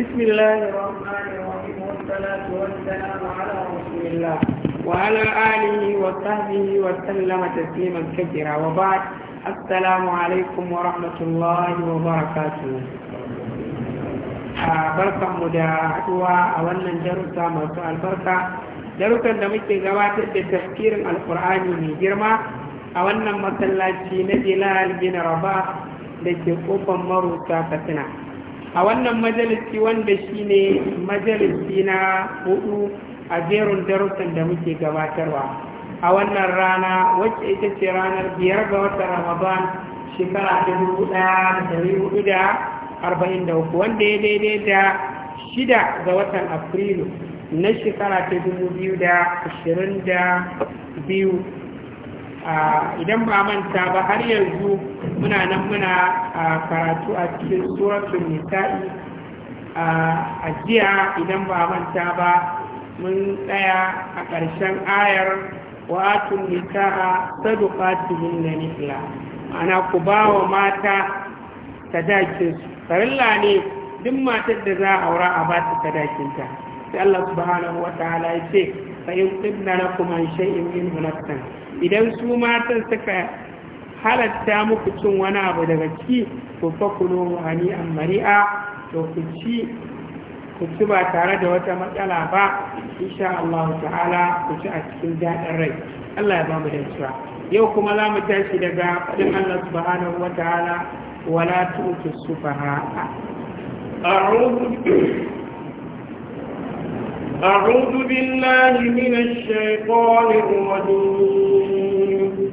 بسم الله الرحمن الرحيم والصلاة والسلام على رسول الله وعلى آله وصحبه وسلم تسليما كثيرا وبعد السلام عليكم ورحمة الله وبركاته barkanmu da haɗuwa a wannan darussa masu albarka darussan da muke gabatar da tafkirin alkur'ani mai girma a wannan masallaci na bilal da ke kofar marusa fatina a wannan majalisi wanda shi ne majalisi na hudu a jerin darussan da muke gabatarwa a wannan rana wacce ita ce ranar biyar ga watan ramadan shekara uku, wanda ya daidai da shida ga watan afrilu na shekara ta biyu. idan ba manta ba har yanzu muna nan muna karatu a cikin suratun nisa'i a jiya idan ba manta ba mun tsaya a ƙarshen ayar watun nisa'a cikin na nihla ana ku ba wa mata su farilla ne duk matar da za a aura a ba ta sadakinta sai Allah subhanahu wa ta'ala ya ce fa in tibna lakum an shay'in min nafsan idan su matan suka halatta muku cin wani abu daga ci, ko fakulo kulu hani an mari'a to ku ci ku ci ba tare da wata matsala ba insha Allah ta'ala ku ci a cikin daɗin rai Allah ya ba mu da cewa yau kuma za mu tashi daga faɗin Allah subhanahu wa ta'ala wala tu'tu sufaha a'udhu أعوذ بالله من الشيطان الرجيم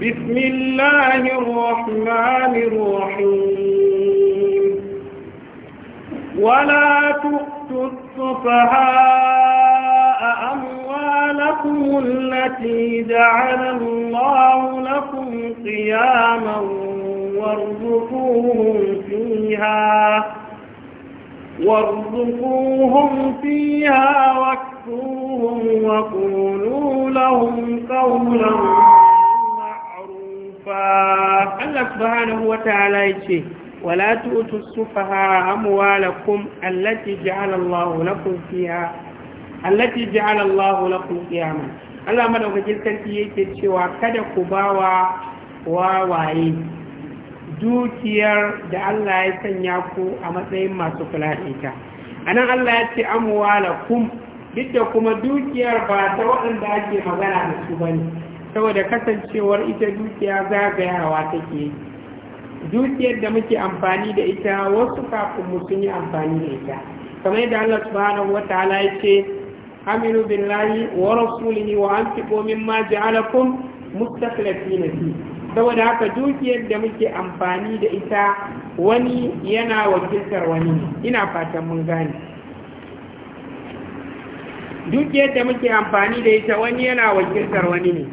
بسم الله الرحمن الرحيم ولا تؤتوا السفهاء أموالكم التي جعل الله لكم قياما وارزقوهم فيها وارزقوهم فيها واكفوهم وقولوا لهم قولا معروفا الله سبحانه وتعالى يشيه ولا تؤتوا السفهاء أموالكم التي جعل الله لكم فيها التي جعل الله لكم قياما Allah madaukakin sarki yake cewa kada ku bawa wawaye dukiyar da Allah ya sanya ku a matsayin masu kula da ita anan Allah ya ce amwalakum duk da kuma dukiyar ba ta waɗanda ake magana da su ba ne, saboda kasancewar ita dukiya zagayawa take yi dukiyar da muke amfani da ita wasu kafin mu sun yi amfani da ita kamar da Allah subhanahu wataala ya ce aminu billahi wa rasulihi wa anfiqu mimma ja'alakum mustakhlifina fihi saboda haka dukiyar da muke amfani da ita wani yana wakiltar wani ina fatan mun gane dukiyar da muke amfani da ita wani yana wakiltar wani ne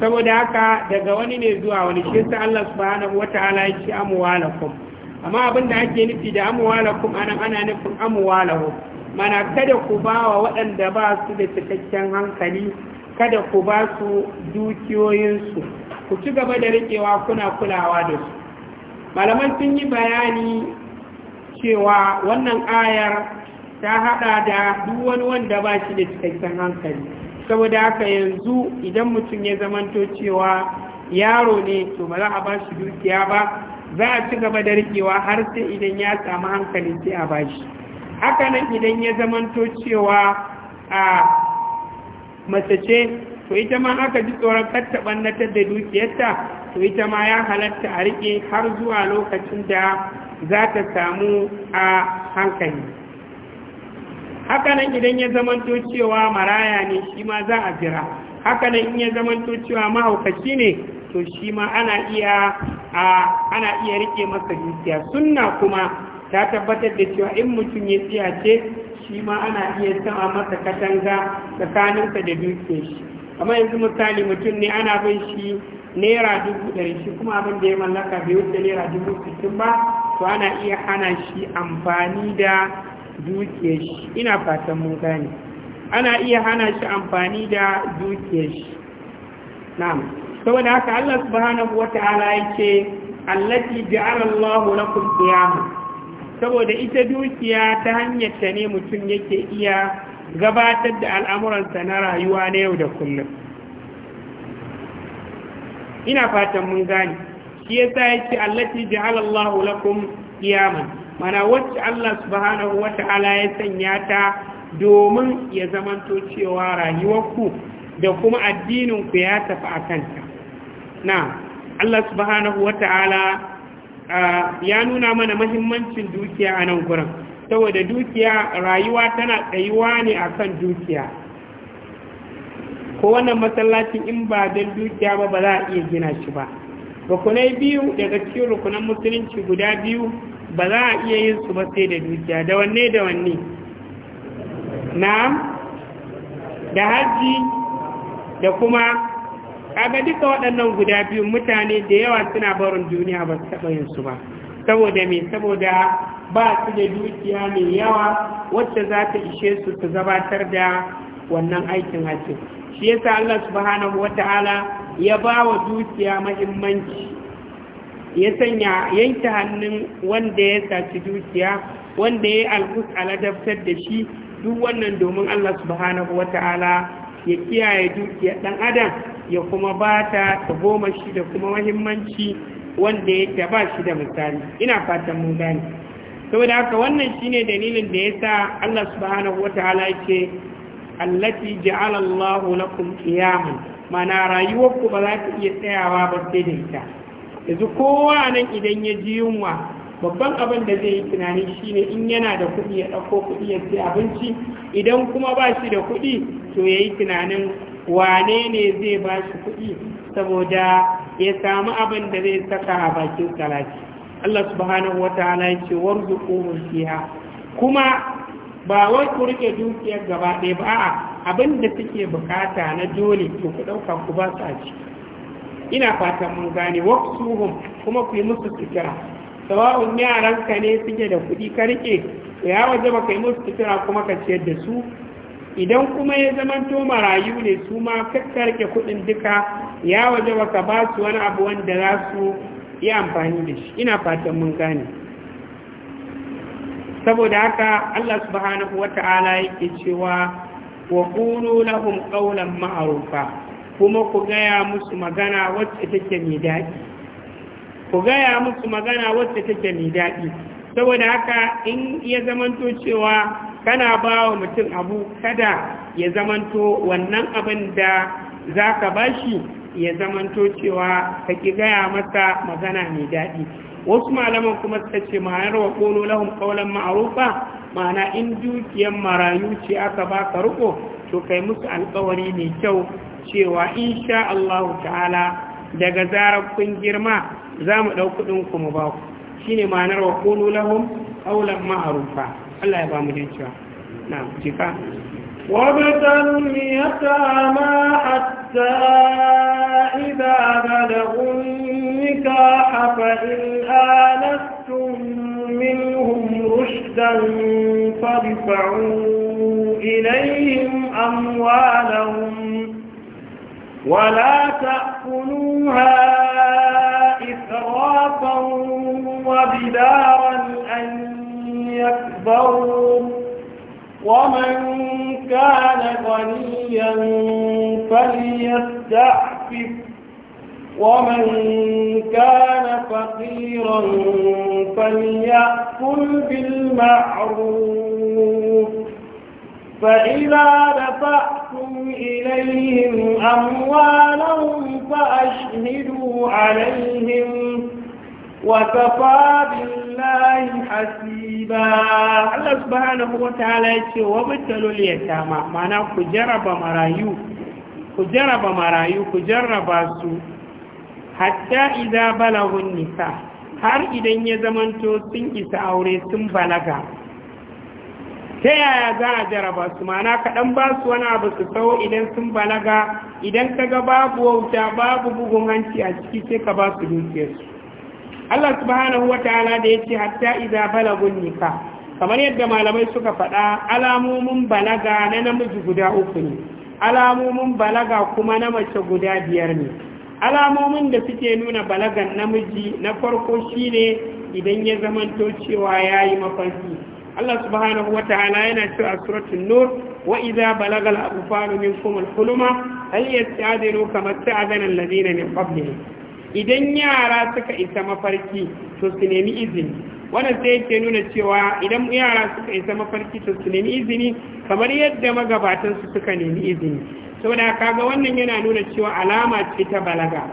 saboda haka daga wani ne zuwa wani shi sa Allah subhanahu wataala ya ci amwalakum amma abin da ake nufi da amwalakum anan ana nufin amwalahum mana kada ku ba wa waɗanda ba su da cikakken hankali kada ku ba su dukiyoyinsu ku ci gaba da riƙewa kuna kulawa da su malaman sun yi bayani cewa wannan ayar ta haɗa da duk wani wanda ba shi da cikakken hankali saboda haka yanzu idan mutum ya zamanto cewa yaro ne to ba za a ba shi dukiya ba za a ci gaba da riƙewa har sai idan ya samu hankali sai a ba shi haka nan idan ya zamanto cewa a mace to ita ma aka ji tsoron katta ɓannatar da dukiyarta to ita ma ya halatta a riƙe har zuwa lokacin da za ta samu a hankali haka nan idan ya zamanto cewa maraya ne shi ma za a jira haka nan in ya zamanto cewa mahaukaci ne to shi ma ana iya riƙe masa dukiya sunna kuma ta tabbatar da cewa in mutum ya ce shi ma ana iya sama masa katanga tsakaninsa da dukiyar shi amma yanzu misali mutum ne ana bin shi naira dubu ɗari shi kuma abin da ya mallaka bai wuce naira dubu sittin ba to ana iya hana shi amfani da dukiyar shi ina fatan mun gane ana iya hana shi amfani da dukiyar shi na'am saboda haka Allah subhanahu wata'ala yake allati ja'ala Allahu lakum qiyamah saboda ita dukiya ta hanyar ta ne mutum yake iya gabatar da al'amuransa na rayuwa na yau da kullum ina fatan mun gani shi ya yasa yake allati halallahu lakum kiyaman mana wacce Allah subhanahu wata'ala ya sanya ta domin ya zamanto cewa rayuwarku da kuma addininku ya tafi a kanta na Allah subhanahu wata'ala ya nuna mana mahimmancin dukiya a nan gurin saboda dukiya rayuwa tana tsayuwa ne a kan dukiya ko wannan masallacin in ba don dukiya ba ba za a iya gina shi ba rukunai biyu daga cikin rukunan musulunci guda biyu ba za a iya yin su ba sai da dukiya da wanne da wanne na da hajji da kuma kaga duka waɗannan guda biyu mutane da yawa suna barin duniya ba su taɓa yin su ba saboda me saboda ba su da dukiya mai yawa wacce za ta ishe su su gabatar da wannan aikin hajji shi yasa Allah subhanahu wata'ala ya ba wa dukiya mahimmanci ya sanya yanke hannun wanda ya saci dukiya wanda ya yi alkus aladabtar da shi duk wannan domin Allah subhanahu wata'ala ya kiyaye dukiyar ɗan adam ya kuma ba ta shi da kuma mahimmanci wanda yake ba shi da misali ina fatan mun gani saboda haka wannan shine dalilin da ya sa Allah subhanahu wataala yake allati ja'ala Allahu lakum qiyaman mana rayuwarku ba za ta iya tsayawa ba sai da ita yanzu kowa nan idan ya ji yunwa babban abin da zai yi tunani shine in yana da kuɗi ya ɗauko kuɗi ya ci abinci idan kuma ba shi da kuɗi to ya yi tunanin wane ne zai ba shi kuɗi saboda ya samu abin da zai saka a bakin salati Allah subhanahu wataala ya ce warzuquhum fiha kuma ba wai ku rike dukiyar gaba ɗaya ba a abin da suke bukata na dole to ku ɗauka ku ba su a ciki ina fatan mun gane waqsuhum kuma ku yi musu sikira sawa'un yaranka ne suke da kuɗi ka rike to ya waje ba kai musu fitira kuma ka ciyar da su idan kuma ya zamanto marayu ne su ma kakka rike kuɗin duka ya waje ba ka ba su wani abu wanda za su yi amfani da shi ina fatan mun gane saboda haka Allah subhanahu wata'ala yake cewa wa qulu lahum qawlan ma'rufa kuma ku gaya musu magana wacce take mai daɗi ku gaya musu magana wacce take mai daɗi saboda haka in ya zamanto cewa kana ba wa mutum abu kada ya zamanto wannan abin da za ka ba shi ya zamanto cewa ka ki gaya masa magana mai daɗi wasu malaman kuma suka ce ma'anar wa ƙolo lahun ƙaunar ma'arufa ma'ana in dukiyar marayu ce aka ba ka riko to kai musu alƙawari mai kyau cewa insha Allah ta'ala daga zarar kun girma za mu ɗau kuɗinku kuma ba ku shi ne ma'anar wa ƙunu lahun ƙaunar ma'arufa Allah ya ba mu jinciwa na jika wabitan miya ta ma a ta ida ga da ƙunika hafa in anastun min humrushdan fadfa'u ilayhim amwalahum ولا تأكلوها إسرافا وبدارا أن يكبروا ومن كان غنيا فليستعفف ومن كان فقيرا فليأكل بالمعروف فإذا دفعتم إليهم أموالهم فأشهدوا عليهم وكفى بالله حسيبا الله سبحانه وتعالى يقول وابتلوا اليتامى معناه كجرب مرايو كجرب مرايو كجرب سو حتى إذا بلغوا النساء har idan ya zamanto sun isa aure sun balaga ta yaya za a jaraba su mana kaɗan ba su wani abu su tsawo idan sun balaga idan ka ga babu wauta babu bugun hanci a ciki sai ka ba su dukiyarsu Allah subhanahu wa ta'ala da ya ce hatta idza balagun nika kamar yadda malamai suka faɗa alamomin balaga na namiji guda uku ne alamomin balaga kuma na mace guda biyar ne alamomin da suke nuna balagan namiji na farko shine idan ya zamanto cewa yayi mafarki Allah subhanahu wa ta'ala yana ce a suratul nur wa idza balagal aqfalu minkum al-huluma hal yasta'dinu kama sta'dana alladhina min qablihim idan yara suka isa mafarki to su nemi izini wannan sai yake nuna cewa idan yara suka isa mafarki to su nemi izini kamar yadda magabatan su suka nemi izini saboda kaga wannan yana nuna cewa alama ce ta balaga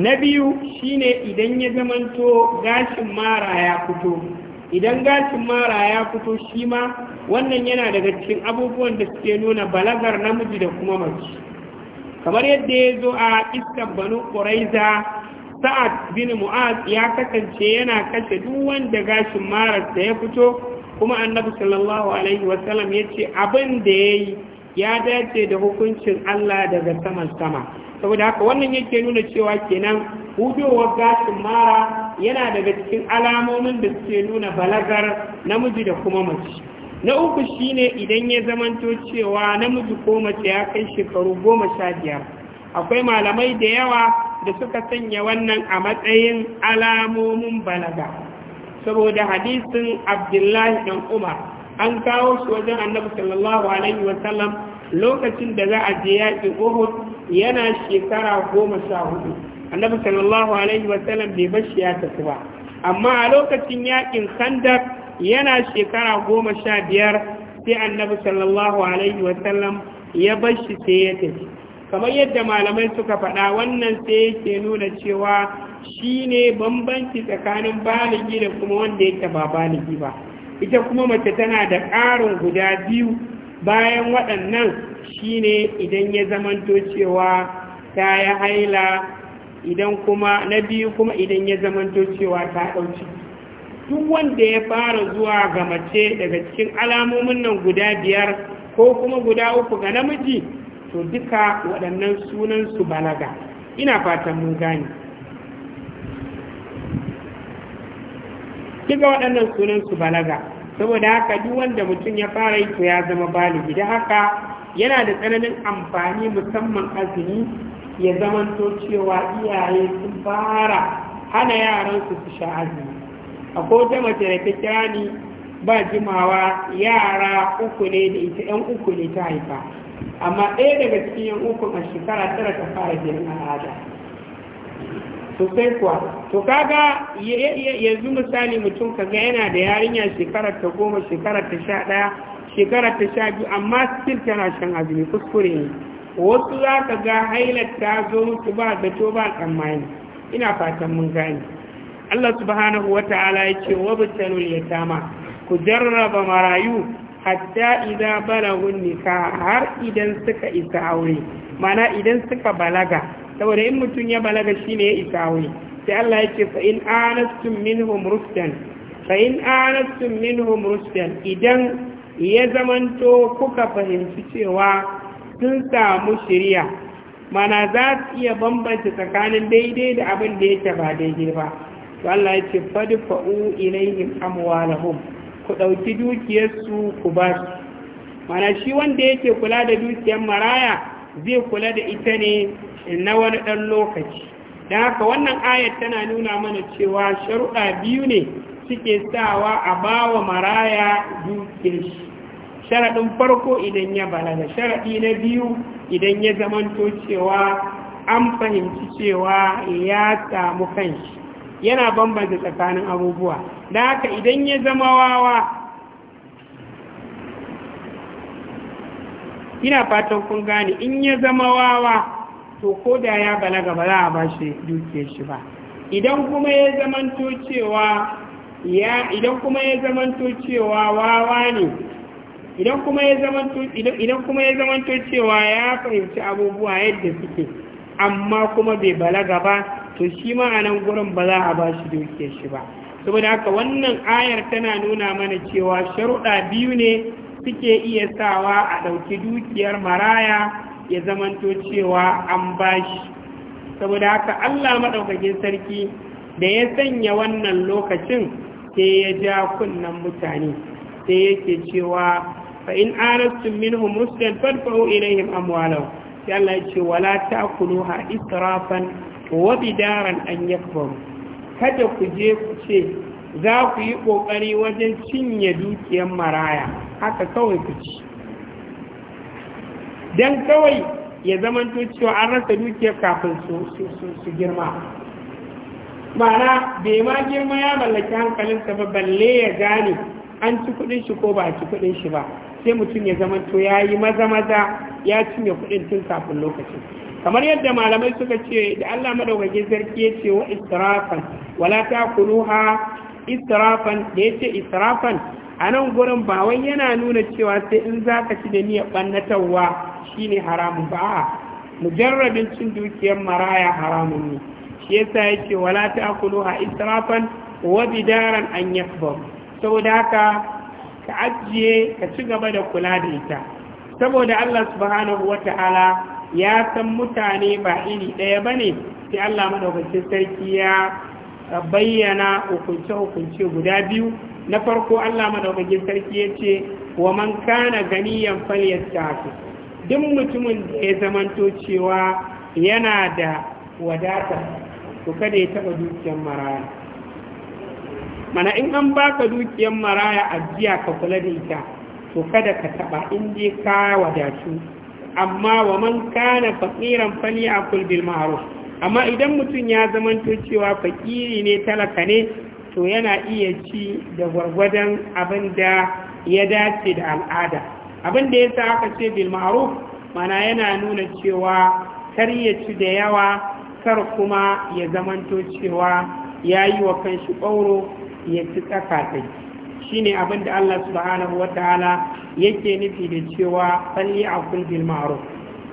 na biyu shine idan ya zamanto gashin mara ya fito idan gashin mara ya fito shi ma wannan yana daga cikin abubuwan da suke nuna balagar namiji da kuma mace kamar yadda ya zo a iskan banu ƙuraiza sa'ad bin mu'az ya kasance yana kashe duk wanda gashin mararsa ya fito kuma annabi sallallahu alaihi wasallam ya ce abin da ya yi ya dace da hukuncin Allah daga saman sama saboda haka wannan yake nuna cewa kenan hujowar gashin mara yana daga cikin alamomin da suke nuna balagar namiji da kuma mace na uku shine idan ya zamanto cewa namiji ko mace ya kai shekaru goma sha biyar akwai malamai da yawa da suka sanya wannan a matsayin alamomin balaga saboda hadisin abdullahi dan umar an kawo shi wajen annabi sallallahu alaihi sallam lokacin da za a je yaƙin uhud yana shekara goma sha hudu annabi sallallahu alaihi sallam bai bar shi ya tafi ba amma a lokacin yaƙin khandaq yana shekara goma sha biyar sai annabi sallallahu alaihi sallam ya bar shi sai ya tafi kamar yadda malamai suka faɗa wannan sai yake nuna cewa shi ne bambanci tsakanin baligi da kuma wanda yake ba baligi ba ita kuma mace tana da ƙarin guda biyu bayan waɗannan shine idan ya zamanto cewa ta yi haila idan kuma na biyu kuma idan ya zamanto cewa ta ɗauci duk wanda ya fara zuwa ga mace daga cikin alamomin nan guda biyar ko kuma guda uku ga namiji to duka waɗannan sunansu balaga ina fatan mun gane kiga waɗannan sunan su balaga saboda haka duk wanda mutum ya fara yi to ya zama baligi da haka yana da tsananin amfani musamman azumi ya zamanto cewa iyaye sun fara hana yaransu su sha azumi a ta mace da ta kira ni ba jimawa yara uku ne da ita yan uku ne ta haifa amma ɗaya daga cikin yan uku a shekara tara ta fara jirin al'ada sai kuwa to kaga yanzu misali mutum kaga yana da yarinya shekarar ta goma shekarar ta sha ɗaya shekarar ta sha biyu amma still tana shan azumi kuskure ne wasu za ka ga hailar ta zo mutu ba zato ba tsammani ina fatan mun gane Allah subhanahu wa ta'ala ya ce wa bitanul yatama ku jarraba marayu hatta idan balagun nika har idan suka isa aure mana idan suka balaga saboda in mutum ya balaga shi ne ya isa wani sai Allah yake fa in minhum rusdan fa in minhum rusdan idan ya zamanto kuka fahimci cewa sun samu shirya mana za su iya bambanta tsakanin daidai da abin da yake ba daidai ba to Allah ya ce fa’u ilayin amwalahum ku ɗauki dukiyarsu ku ba su mana shi wanda yake kula da dukiyar maraya zai kula da ita ne na wani ɗan lokaci Da haka wannan ayat tana nuna mana cewa sharuɗa biyu ne suke sawa a ba wa maraya duke shi sharaɗin farko idan ya balaga sharaɗi na biyu idan ya zamanto cewa an fahimci cewa ya samu kanshi yana bambanta tsakanin abubuwa da haka idan ya zama wawa ina fatan kun gane in ya zama wawa to ko da ya balaga ba za a ba shi dukiyar shi ba idan kuma ya zamanto cewa ya idan kuma ya zamanto cewa wawa ne idan kuma ya zamanto idan kuma ya zamanto cewa ya fahimci abubuwa yadda suke amma kuma bai balaga ba to shi ma a nan gurin ba za a ba shi dukiyar shi ba saboda haka wannan ayar tana nuna mana cewa sharuɗa biyu ne suke iya sawa a ɗauki dukiyar maraya ya zamanto cewa an bashi saboda haka Allah maɗaukakin sarki da ya sanya wannan lokacin ke ya ja kunnan mutane sai yake cewa fa in anastum minhum rusdan fadfa'u ilayhim amwalahum sai Allah ya ce wala ta'kuluha israfan wa bidaran an yakbaru kada ku je ku ce za ku yi kokari wajen cinye dukiyar maraya haka kawai ku ci don kawai ya zamanto cewa an rasa dukiyar kafin su girma ma'ana bai ma girma ya mallaki hankalinsa ba balle ya gane an ci kudin shi ko ba a ci kudin shi ba sai mutum ya zamanto ya yi maza-maza ya cinye kudin tun kafin lokaci. kamar yadda malamai suka ce da Allah madaukakin sarki ya ce wa israfan wala ta kuruha israfan da ya ce israfan a nan gurin ba wai yana nuna cewa sai in za ka ci da niyyar ɓannatarwa shi ne haramun ba a mujarrabin cin dukiyar maraya haramun ne shi yasa ya ce wala ta akulu ha israfan wa bidaran an yakbar saboda haka ka ajiye ka ci gaba da kula da ita saboda Allah subhanahu ta'ala ya san mutane ba iri ɗaya bane sai Allah madaukakin sarki ya bayyana hukunce-hukunce guda biyu na farko Allah madaukakin sarki ya ce wa man kana ganiyan falyastafi duk mutumin da ya zamanto cewa yana da wadata to kada ya taba dukiyar maraya mana in an baka dukiyar maraya a jiya ka kula da ita to kada ka taba in je ka wadatu amma wa man kana faqiran falyakul bil ma'ruf amma idan mutum ya zamanto cewa fakiri ne talaka ne to yana iya ci da gwargwadon abin da ya dace da al'ada abin da ya sa aka ce bil mana yana nuna cewa kar ya ci da yawa kar kuma ya zamanto cewa ya yi wa kanshi ɓauro ya ci tsakatai shi ne abin da Allah subhanahu wa ta'ala yake nufi da cewa falli a bil ma'ruf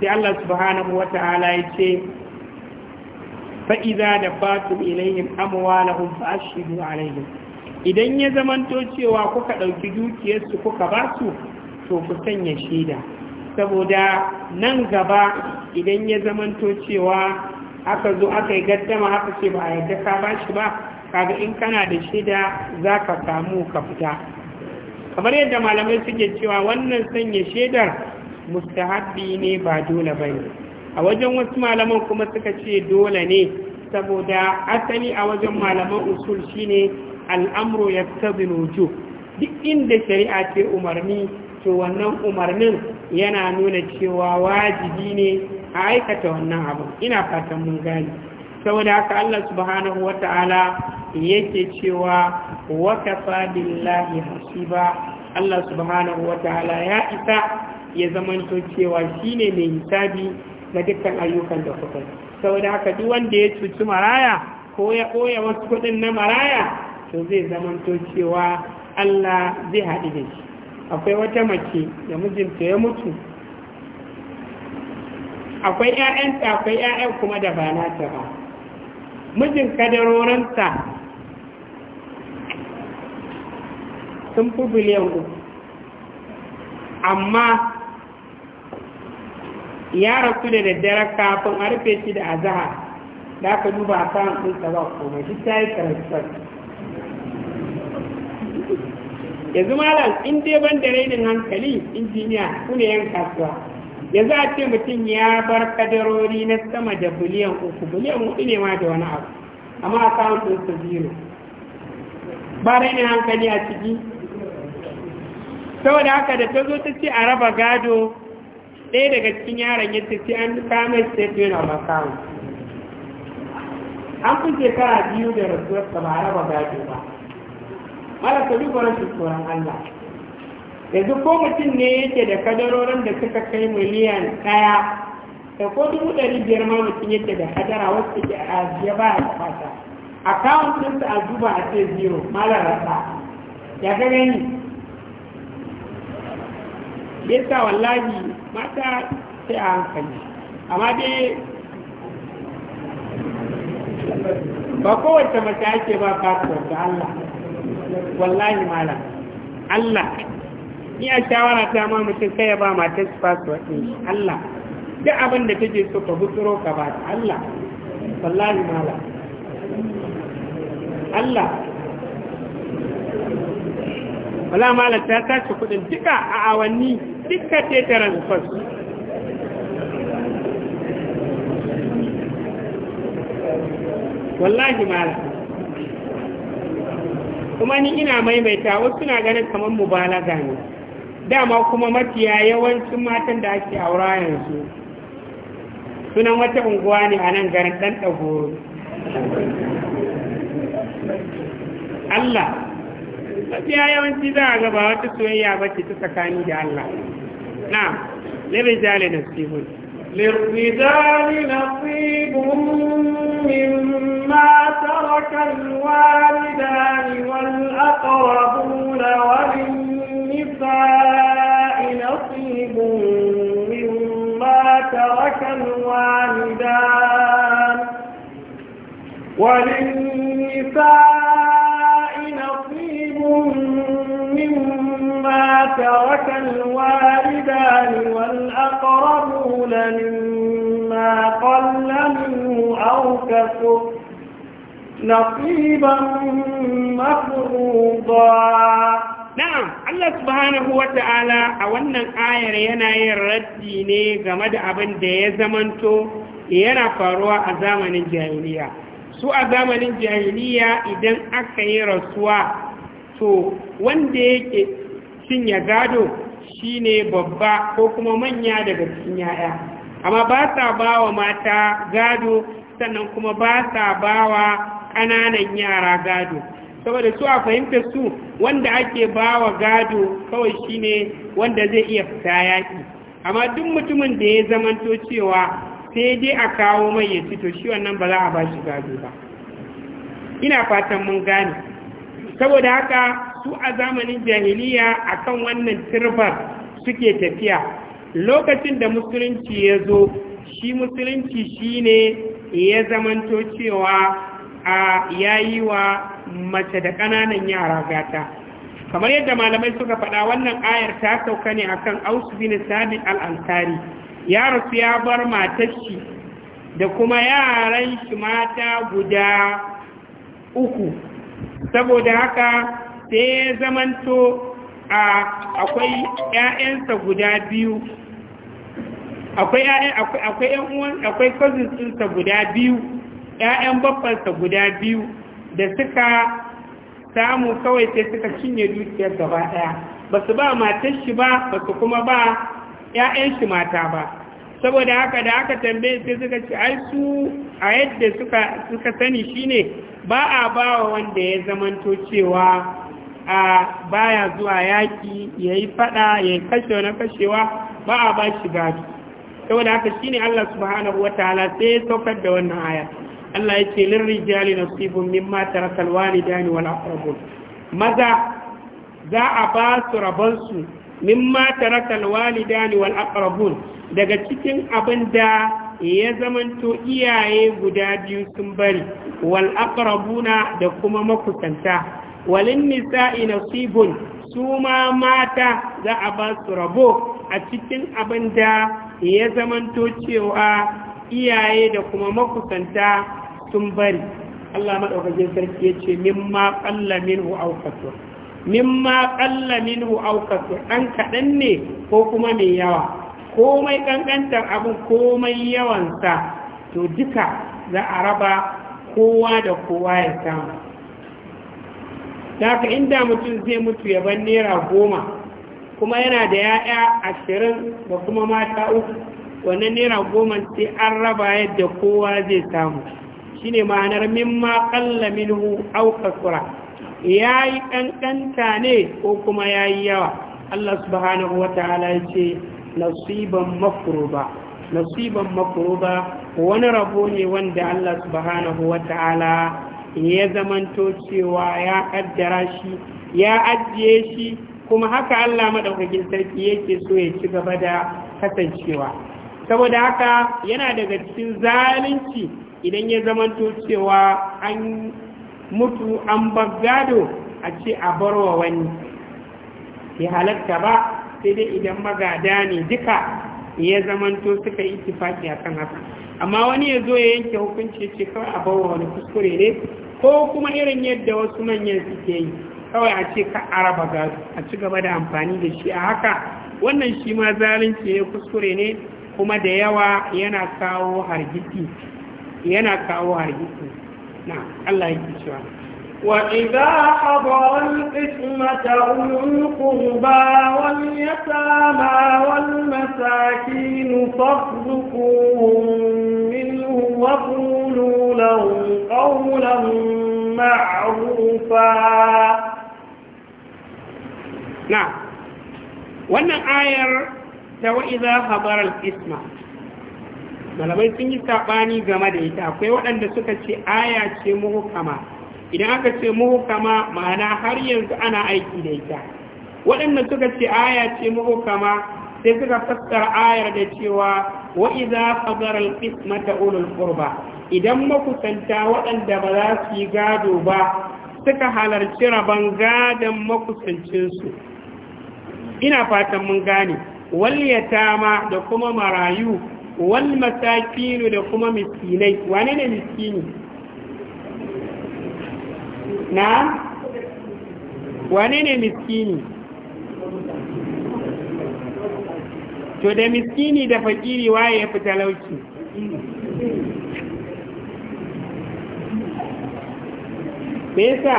sai Allah subhanahu wa ta'ala ya ce fa'iza da batun ilayhim amwalahum fa ashhidu alaihim idan ya zamanto cewa kuka ɗauki dukiyarsu kuka ba su to ku sanya shaida saboda nan gaba idan ya zamanto cewa aka zo aka yi gaddama aka ce ba a yadda ka ba shi ba kaga in kana da shaida za ka samu ka fita kamar yadda malamai suke cewa wannan sanya shaidar mustahabbi ne ba dole ba ne a wajen wasu malaman kuma suka ce dole ne saboda asali a wajen malaman usul shine al'amru ya tabi nojo duk inda shari'a ce umarni to wannan umarnin yana nuna cewa wajibi ne a aikata wannan abu ina fatan mun gani saboda haka Allah subhanahu wata'ala yake cewa wa kafa billahi hasiba Allah subhanahu Ta'ala ya isa ya zamanto cewa shine mai hisabi na dukkan ayyukan da kuka yi saboda haka duk wanda ya cuci maraya ko ya ɓoye wasu kuɗin na maraya to zai zamanto cewa Allah zai haɗu da shi akwai wata mace da mijinta ya mutu akwai ‘ya'yanta akwai ‘ya'yan kuma da ba nata ba mijin kadarorinsa sun fi biliyan uku amma ya rasu da daddare kafin a rufe shi da azaha da aka duba a kan ta ba kuma shi ta yi Ya yanzu malam in dai ban da rainin hankali injiniya ku ne yan kasuwa yanzu a ce mutum ya bar kadarori na sama da biliyan uku biliyan hudu ne ma da wani abu amma a ɗin su zero ba rainin hankali a ciki saboda haka da ta zo ta ce a raba gado ɗaya daga cikin yaron ya ce an kama statement of account an fi shekara biyu da rasuwar ta ba a raba gado ba mara bi duba shi tsoron Allah yanzu ko mutum ne yake da kadarorin da suka kai miliyan ɗaya da ko dubu ɗari biyar ma mutum yake da kadara wasu ke a ya ba a fata akawun su a zuba a ce zero mara rasa ya ga gani Yasa wallahi mata sai a hankali amma dai ba kowace mata ake ba fasuwar da Allah wallahi malam Allah ni a shawara ta ma mutum kai ya ba su fasuwar ɗin shi Allah duk abin da take so ka gutsuro ka ba ta Allah wallahi malam Allah wala malam ta tashi kudin duka a awanni dukkan ta wallahi mara kuma ni ina maimaita wasu na ganin kamar mubalaga ne dama kuma mafiya yawancin matan da ake aura yanzu sunan wata unguwa ne a nan garin ɗan ɗagoro Allah mafiya yawanci za a gaba wata soyayya ba ce ta tsakani da Allah نعم للرجال نصيب للرجال نصيب مما ترك الوالدان والأقربون وللنساء نصيب مما ترك الوالدان وللنساء نصيب مما ترك الوالدان والأقربون مما قل منه أو كثر نصيبا مفروضا na'am Allah subhanahu wata'ala a wannan ayar yana yin raddi ne game da abin da ya zamanto yana faruwa a zamanin jahiliya su a zamanin jahiliya idan aka yi rasuwa to wanda yake cin ya gado shi ne babba ko kuma manya daga cikin yaya amma ba sa ba wa mata gado sannan kuma ba sa ba wa ƙananan yara gado saboda su a fahimta su wanda ake ba wa gado kawai shi ne wanda zai iya fita yaƙi amma duk mutumin da ya zamanto cewa sai dai a kawo mai ya to shi wannan ba za a ba shi gado ba ina fatan mun gane saboda haka su a zamanin jahiliya akan wannan turbar suke tafiya lokacin da musulunci ya zo shi musulunci shine ya zamanto cewa a yayi wa mace da ƙananan yara gata kamar yadda malamai suka faɗa wannan ayar ta sauka ne akan ausu sabi sabit al-ansari ya rasu ya bar matar da kuma yaran shi mata guda uku saboda haka sai ya zamanto a akwai ‘ya'yansa guda biyu akwai ‘yan'uwan akwai kwazinsinsa guda biyu ‘ya'yan babbansa guda biyu da suka samu kawai sai suka cinye dukiyar gaba ɗaya ba su ba matashi ba ba su kuma ba ‘ya'yan shi mata ba saboda haka da aka tambaye sai suka ce ai su a yadda suka sani shine ba a bawa wanda ya zamanto cewa a baya zuwa yaki ya yayi fada yi kashe na kashewa ba a ba shi gaji. saboda haka shine Allah subhanahu ta'ala sai ya saukar da wannan aya Allah ya ce jali na nasibun mimma taraka dani, wal aqrabun maza za a ba su rabonsu mimma taraka dani, wal aqrabun daga cikin abin da ya zamanto iyaye guda biyu sun bari wal aqrabuna da kuma makusanta walin nisa'i nasibun su ma mata za a ba su rabo a cikin abin da ya zamanto cewa iyaye da kuma makusanta sun bari Allah maɗaukakin sarki ya mimma ƙalla minhu aw kathur mimma ƙalla minhu aw kathur dan kaɗan ne ko kuma mai yawa komai ƙanƙantar abin komai yawansa to duka za a raba kowa da kowa ya samu daga inda mutum zai mutu ya ban naira goma kuma yana da ya'ya ashirin da kuma mata uku wannan naira goma sai an raba yadda kowa zai samu shi ne ma'anar mimma ƙalla minhu auka sura ya yi ƙanƙanta ne ko kuma ya yi yawa allah subhanahu wa ta'ala ya ce nasiban mafruba nasiban mafruba wani rabo ne wanda Allah subhanahu wata'ala ya zamanto cewa ya kaddara shi ya ajiye shi kuma haka Allah madaukakin sarki yake so ya ci gaba da kasancewa saboda haka yana daga cikin zalunci idan ya zamanto cewa an mutu an gado a ce a barwa wani ya halatta ba sai dai idan magada ne duka ya zamanto suka yi a kan haka amma wani ya zo ya yanke hukunci ce kawai a bawa wani kuskure ne ko kuma irin yadda wasu manyan suke yi kawai a ce ka araba gado a ci gaba da amfani da shi a haka wannan shi ma zalunci ne kuskure ne kuma da yawa yana kawo hargitsi yana na Allah yake cewa وإذا حضر القسمة أولو القربى واليتامى والمساكين فارزقوهم منه وقولوا لهم قولا معروفا نعم wannan ayar ta wa'iza habarar isma malamai sun yi saɓani game da ita akwai waɗanda suka ce aya ce muhukama idan aka ce muhukama ma'ana har yanzu ana aiki da ita waɗanda suka ce aya ce muhukama sai suka fassara ayar da cewa wa iza fadar al ta ulul qurba idan makusanta waɗanda ba za su yi gado ba suka halarci rabon gadon makusancinsu ina fatan mun gane wal yatama da kuma marayu wal masakinu da kuma miskinai wane ne miskini na wane ne miskini to da miskini da fakiri waye ya fi talauci pesa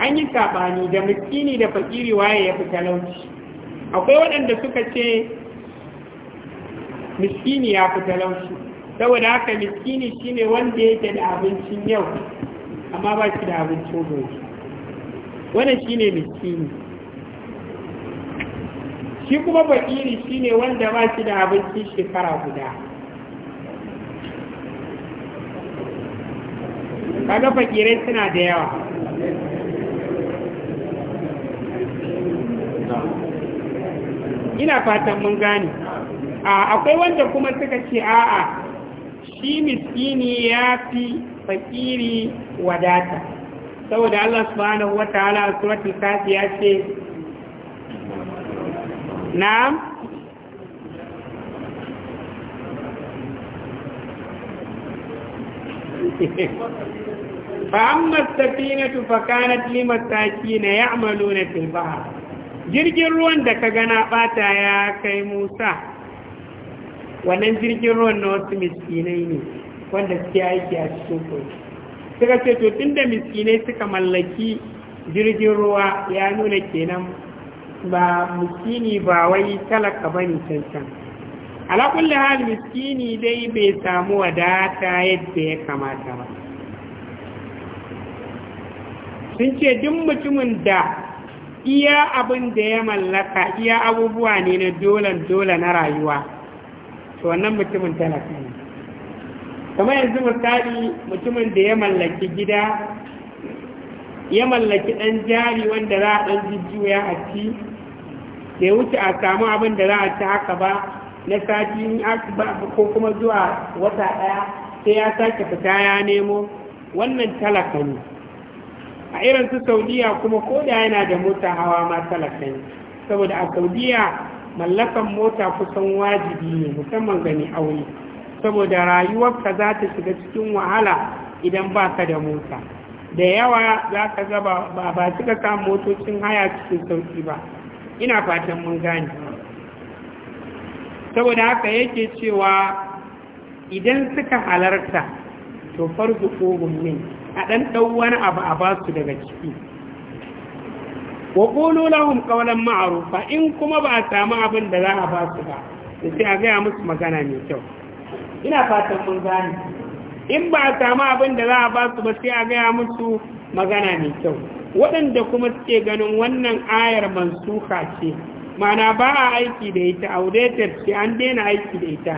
an yi saɓani da miskini da fakiri waye ya fi talauci akwai waɗanda suka ce miskini ya fi talauci saboda haka miskini shi ne wanda yake da abincin yau amma ba shi da abincin gobe shi shine miskini shi kuma bakiri ne wanda ba shi da abincin shekara guda kaga fakirai suna da yawa ina fatan mun gane akwai wanda kuma suka ce a'a shi miskini ya fi fakiri wadata saboda Allah subhanahu wa ta'ala a suratul kafi ya ce na'am فأما السفينة فكانت na يعملون في البحر jirgin ruwan da ka gana bata ya kai musa wannan jirgin ruwan na wasu miskinai ne wanda yi aiki a cikin kogi suka ce to tun da miskinai suka mallaki jirgin ruwa ya nuna kenan ba miskini ba wai talaka ba ne cancan da hal miskini dai bai samu wadata yadda ya kamata ba sun ce duk mutumin da iya abin da ya mallaka iya abubuwa ne na dolan dole na rayuwa to wannan mutumin tana fiye kama yanzu misali mutumin da ya mallaki gida ya mallaki ɗan jari wanda za a ɗan jujjuya a ci da ya wuce a samu abin da za a ci haka ba na sati ko kuma zuwa wata ɗaya sai ya sake fita ya nemo wannan talaka ne a irin su saudiya kuma ko da yana da mota hawa ma talaka ne saboda a saudiya mallakan mota kusan wajibi ne musamman ga mai aure saboda rayuwarka za ta shiga cikin wahala idan ba ka da mota da yawa za ka zaba ba ba ka samu motocin haya cikin sauki ba ina fatan mun gane saboda haka yake cewa idan suka halarta to farzu ko a ɗan ɗau wani abu a basu daga ciki wa qulu lahum qawlan ma'rufa in kuma ba a samu abin da za a ba su ba sai a gaya musu magana mai kyau ina fatan kun gane in ba a samu abin da za a ba su ba sai a gaya musu magana mai kyau waɗanda kuma suke ganin wannan ayar mansuka ce mana ba a aiki da ita outdated ce an daina aiki da ita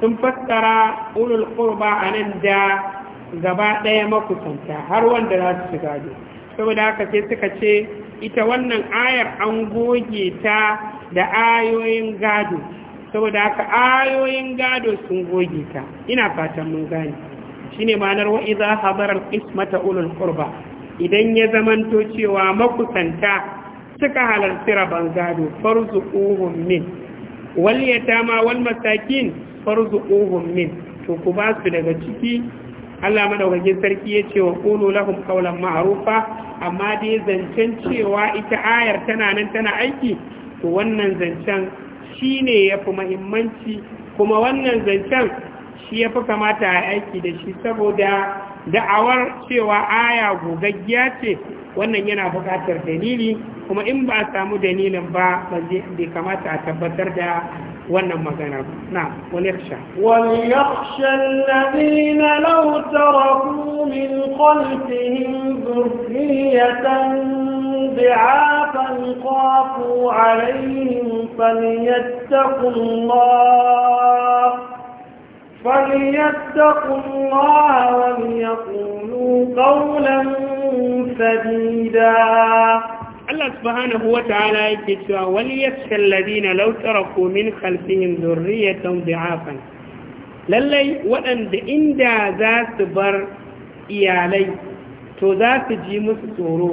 sun fassara ulul qurba anan da gaba ɗaya makusanta har wanda za su shiga saboda haka sai suka ce ita wannan ayar an goge ta da ayoyin gado saboda haka ayoyin gado sun goge ta ina fatan mun gane shine ma'anar wa idza habara al-qismata ulul qurba idan ya zamanto cewa makusanta suka halarci rabon gado farzuquhum min wal yatama wal masakin farzuquhum min to ku ba su daga ciki Allah madaukakin sarki ya ce wa qulu lahum qawlan ma'rufa amma dai zancen cewa ita ayar tana nan tana aiki to wannan zancen shine yafi muhimmanci kuma wannan zancen shi yafi kamata a aiki da shi saboda da'awar cewa aya gogaggiya ce wannan yana buƙatar dalili kuma in ba a samu dalilin ba ban bai kamata a tabbatar da ونم مكانهم نعم وليخشى وليخشى الذين لو تركوا من خلفهم ذرية ضعافا خافوا عليهم فليتقوا الله فليتقوا الله وليقولوا قولا سديدا Allah subhanahu wa ta'ala yake cewa wani yaskar ladina lautara komin kalfihim zurriyatan bi'afan lallai waɗanda inda za su bar iyalai to za su ji musu tsoro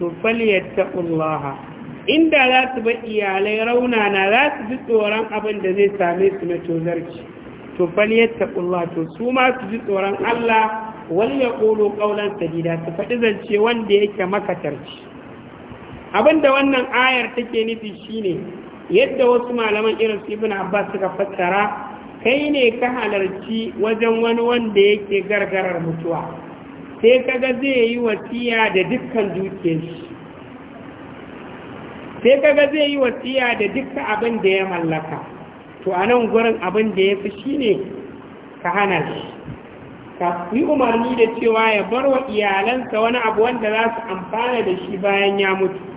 to falyatta ta'ullaha. inda za su bar iyalai raunana za su ji tsoron abin da zai same su na tozarci to falyatta ta'ullaha. to su ma su ji tsoron Allah wani ya yaqulu qawlan sadida su faɗi zance wanda yake makatarci Abin da wannan ayar take nufi shine yadda wasu malaman irin su ibn abbas suka fassara kai ne ka halarci wajen wani wanda yake gargarar mutuwa sai kaga zai yi wasiya da dukkan dukiyar shi sai kaga zai yi wasiya da dukkan abin da ya mallaka to a nan gurin abin da ya fi shine ka hana shi ka yi umarni da cewa ya bar wa iyalansa wani abu wanda za su amfana da shi bayan ya mutu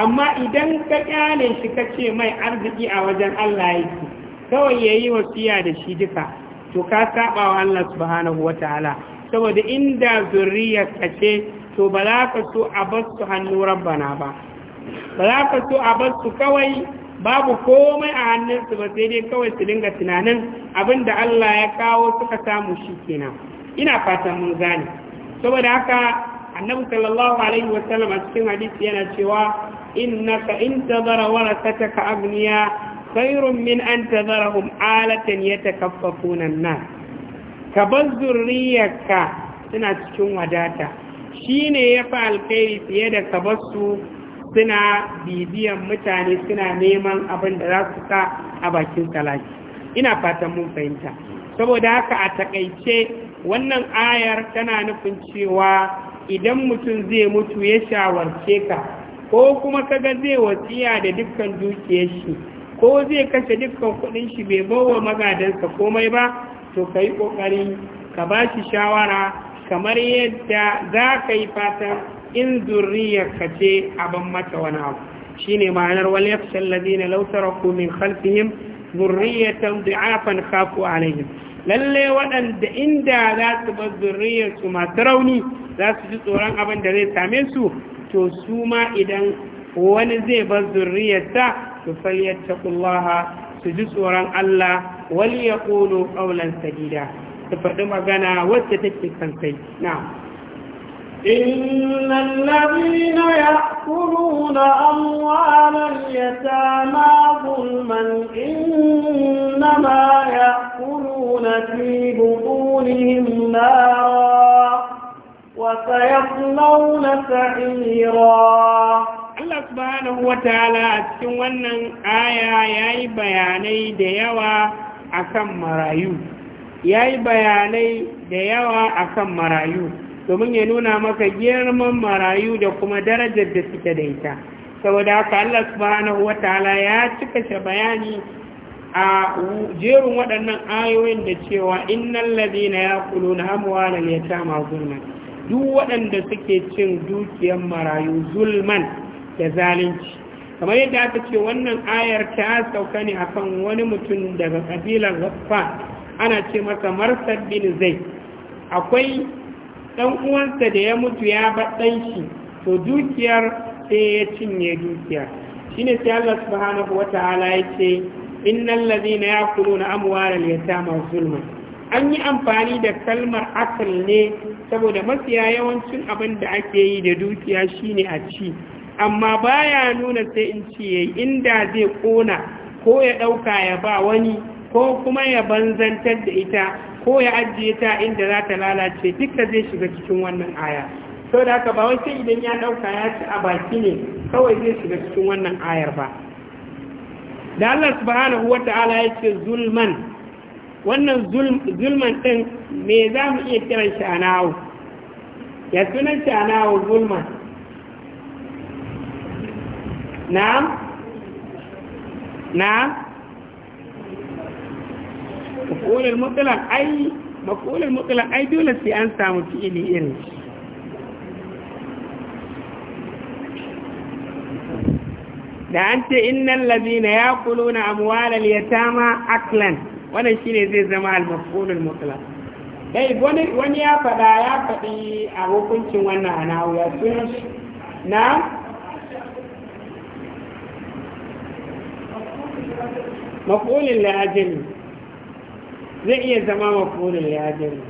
amma idan ka kyale shi ka ce mai arziki a wajen Allah yake kawai ya yi wasiya da shi duka to ka saba wa Allah subhanahu wa ta'ala saboda inda zuriya ka ce to ba za ka so a bar su hannu rabbana ba ba za ka so a bar su kawai babu komai a hannun su ba sai dai kawai su dinga tunanin abinda Allah ya kawo suka samu shi kenan ina fatan mun gane saboda haka annabi sallallahu alaihi wasallam a cikin hadisi yana cewa إنك إن تذر ورثتك أغنياء خير ya ta تذرهم آلة يتكففون Ka كبر ذريتك suna cikin wadata shi ne ya fi alkhairi fiye da ka basu suna bibiyan mutane suna neman abin da za su sa a bakin talaki ina fatan mun fahimta saboda haka a takaice wannan ayar tana nufin cewa idan mutum zai mutu ya shawarce ka ko kuma kaga zai wasiya da dukkan dukiyar shi ko zai kashe dukkan kudin shi bai bawa magadansa komai ba to ka yi kokari ka bashi shawara kamar yadda za ka yi fatan in zurriyar ka ce abin mata wani abu ne ma'anar wal yafshal na law taraku min khalfihim zurriyatan du'afan a laifin. lalle waɗanda inda za su bar su masu rauni za su ji tsoron abin da zai same su to su ma idan wani zai bar zurriyarsa to falyattaqullaha su ji tsoron Allah wani ya yaqulu qawlan sadida su faɗi magana wacce take kan kai na'am إن الذين يأكلون أموال اليتامى ظلما إنما يأكلون في بطونهم نارا وسيصلون سعيرا Allah subhanahu wa a cikin wannan aya yayi bayanai da yawa akan marayu ya yi bayanai da yawa akan marayu domin ya nuna maka girman marayu da kuma darajar da suke da ita saboda haka Allah subhanahu wa ya cika shi bayani a jerin waɗannan ayoyin da cewa innal ladina yaquluna amwalal yatama zulman duk waɗanda suke cin dukiyar marayu zulman da zalunci kamar yadda aka ce wannan ayar ta sauka ne akan wani mutum daga kabilar gaffa ana ce masa marsar bin zai akwai ɗan uwansa da ya mutu ya baɗan to dukiyar sai ya cinye dukiyar Shi shine sai Allah subhanahu wataala yace innal na ya'kuluna amwalal zulman an yi amfani da kalmar akal ne saboda masiya yawancin abin da ake yi da dukiya shine a ci amma baya nuna sai in ci yayi inda zai kona ko ya ɗauka ya ba wani ko kuma ya banzantar da ita ko ya ajiye ta inda za ta lalace duka zai shiga cikin wannan aya sau da haka ba wai idan ya ɗauka ya ci a baki ne kawai zai shiga cikin wannan ayar ba da Allah subhanahu wata'ala ya ce zulman wannan zulman ɗin me za mu iya kiran shi a ya sunan shi a zulman na na makolar matsalar ai makolar mutsalar ai dole sai an samu fi'ili irin da an ce innan labina ya kulo na amuwalar ya tama aklan wannan shine zai zama al-maf'ulul mutlaq dai wani wani ya faɗa ya faɗi a hukuncin wannan anawo ya sunan na maf'ulin la'ajali zai iya zama maf'ulin la'ajali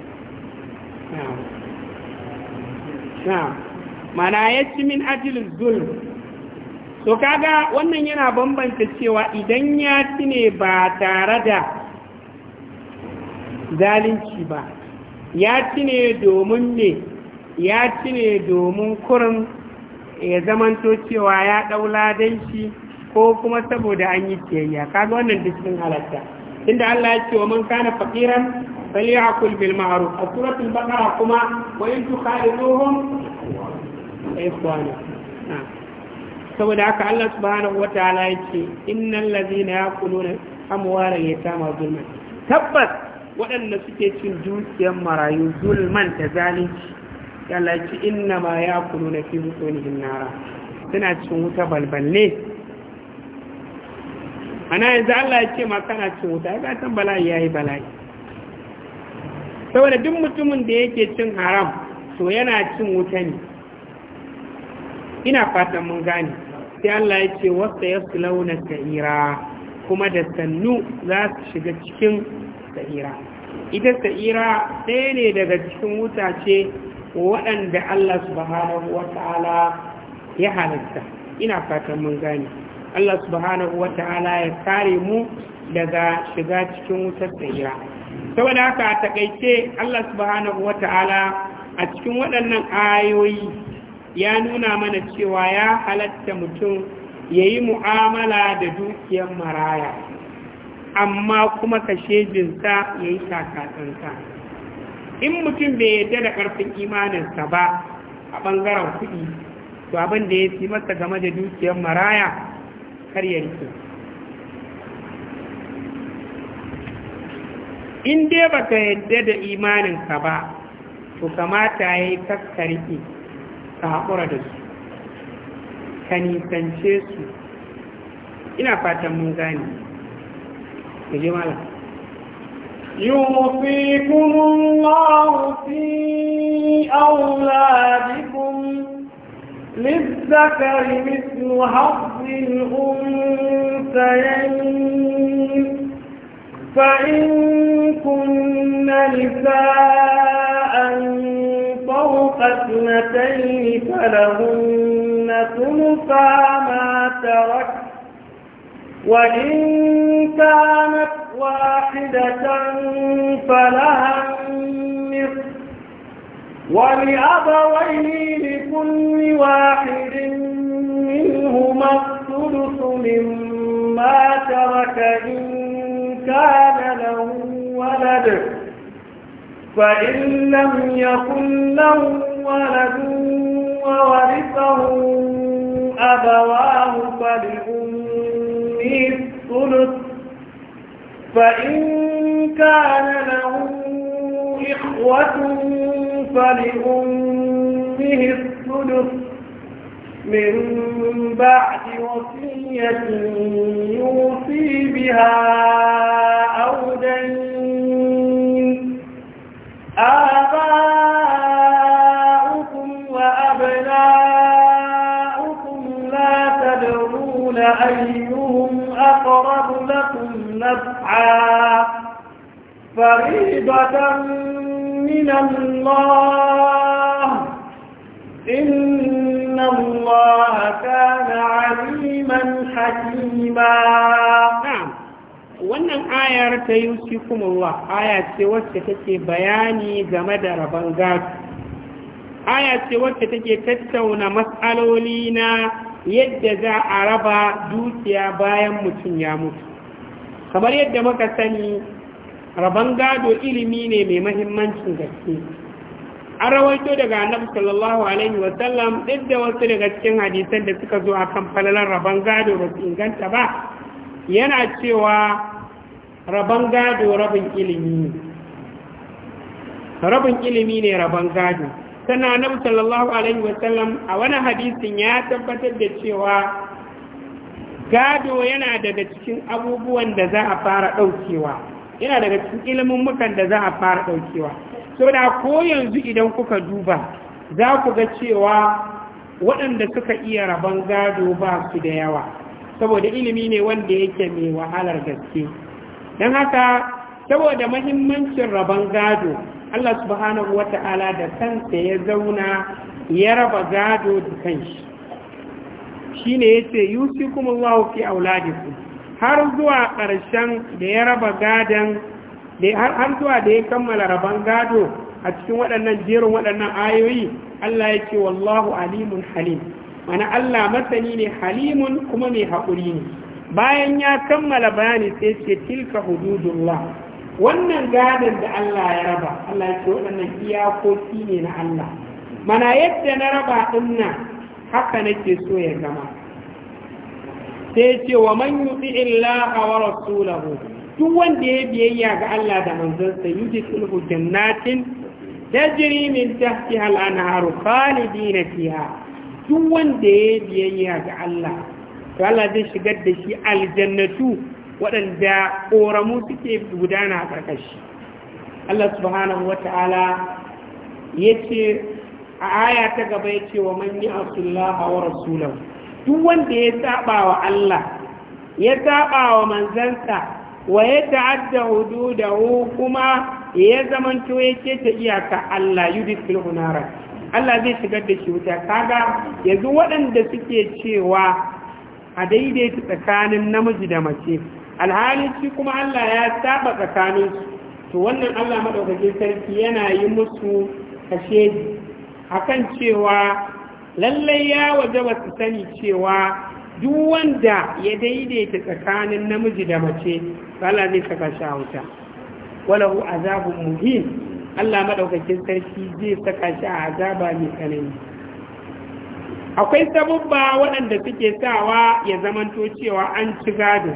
na mana ya ci min ajilin zulm to kaga wannan yana bambanta cewa idan ya ci ne ba tare da zalunci ba ya ci ne domin ne ya ci ne domin kurin ya zamanto cewa ya daula ladan shi ko kuma saboda an yi ciyayya kaga wannan dukkan halatta inda Allah ya ce wa man kana faqiran falyakul bil ma'ruf a suratul baqara kuma wa in tukhaliduhum ikhwana saboda haka Allah subhanahu wataala ya ce innal ladhina yaquluna amwala yatama zulman tabbas waɗanda suke cin dukiyar marayu zulman ta zalunci yalla ki, inna ma ya kunu na fi butonihim nara suna cin wuta balballe ana yanzu Allah ya ce ma kana cin wuta ya san bala'i yi bala'i saboda duk mutumin da yake cin haram to yana cin wuta ne ina fatan mun gane sai Allah ya ce su launa ta'ira kuma da sannu za su shiga cikin sa'ira ita sa'ira ɗaya ne daga cikin wuta ce waɗanda Allah subhanahu wa ya halitta ina fatan mun gane Allah subhanahu wa ya kare mu daga shiga cikin wutar sa'ira saboda haka a takaice Allah subhanahu wa a cikin waɗannan ayoyi ya nuna mana cewa ya halatta mutum ya yi mu'amala da dukiyar maraya amma kuma ka shejinsa ya yi shakatansa, in mutum bai yadda da ƙarfin imaninsa ba a ɓangaren kuɗi to abin da ya fi masa game da dukiyar maraya kar ya rike in dai ba ka yadda da imaninka ba to kamata ya yi kakkarki ka haƙura da su ka nisance su ina fatan mun gane يوصيكم الله في أولادكم للذكر مثل حظ الأنثيين فإن كن نساء فوق اثنتين فلهن ثلثا ما ترك وإن كانت واحدة فلها النصف ولأبويه لكل واحد منهما الثلث مما ترك إن كان له ولد فإن لم يكن له ولد وورثه أبواه فلأمه فيه الثلث فإن كان له إخوة فلأمه الثلث من بعد وصية يوصي بها أو دين آباؤكم وأبناؤكم لا تدرون أيها أقرب لكم نفعا فريضة من الله إن الله كان عليما حكيما wannan ayar ta yusi kuma aya ce wacce take bayani game da rabon gado aya ce wacce take tattauna matsaloli na yadda za a raba dukiya bayan mutum ya mutu kamar yadda muka sani rabon gado ilimi ne mai mahimmancin gaske an rawaito daga annabi sallallahu alaihi sallam duk da wasu daga cikin hadisan da suka zo akan falalar rabon gado ba su inganta ba yana cewa rabon gado rabin ilimi rabin ilimi ne rabon gado sana annabi sallallahu alaihi wasallam a wani hadisin ya tabbatar da cewa gado yana daga cikin abubuwan da za a fara ɗaukewa yana daga cikin ilimin mukan da za a fara ɗaukewa saboda ko yanzu idan kuka duba za ku ga cewa waɗanda suka iya rabon gado ba su da yawa saboda ilimi ne wanda yake mai wahalar gaske don haka saboda mahimmancin rabon gado Allah subhanahu wa ta'ala da kansa ya zauna ya raba gado da kanshi shi ne ya ce yusi kuma Allah a auladiku har zuwa ƙarshen da ya raba gadon har zuwa da ya kammala raban gado a cikin waɗannan jerin waɗannan ayoyi Allah ya ce wallahu alimun halim mana Allah masani ne halimun kuma mai haƙuri ne bayan ya kammala bayani sai ce tilka hududullah wannan gadon da Allah ya raba Allah ya ce waɗannan iyakoki ne na Allah mana yadda na raba ɗin nan haka nake so ya zama sai ce wa man yuti illaha wa rasulahu duk wanda ya biyayya ga Allah da manzansa sulhu jannatin tajri min tahtiha al anharu khalidin fiha duk wanda ya biyayya ga Allah to Allah zai shigar da shi aljannatu waɗanda ƙoramu suke gudana a ƙarƙashi Allah subhanahu wa ta'ala ya ce a aya ta gaba ya ce wa manyi asullaha wa rasulahu duk wanda ya saba wa Allah ya saba wa manzansa wa ya ta'adda hududahu kuma ya zamanto ya ta iyaka Allah yudkhilhu Allah zai shigar da shi wuta kaga yanzu waɗanda suke cewa a daidaita tsakanin namiji da mace alhali shi kuma Allah ya saba tsakaninsu to wannan Allah madaukake sarki yana yi musu kashedi akan cewa lallai ya waje ba su sani cewa duk wanda ya daidaita tsakanin namiji da mace Allah zai saka shi a wuta walahu azabun muhim Allah maɗaukakin sarki zai saka shi a azaba mai tsanani akwai sabubba waɗanda suke sawa ya zamanto cewa an ci gado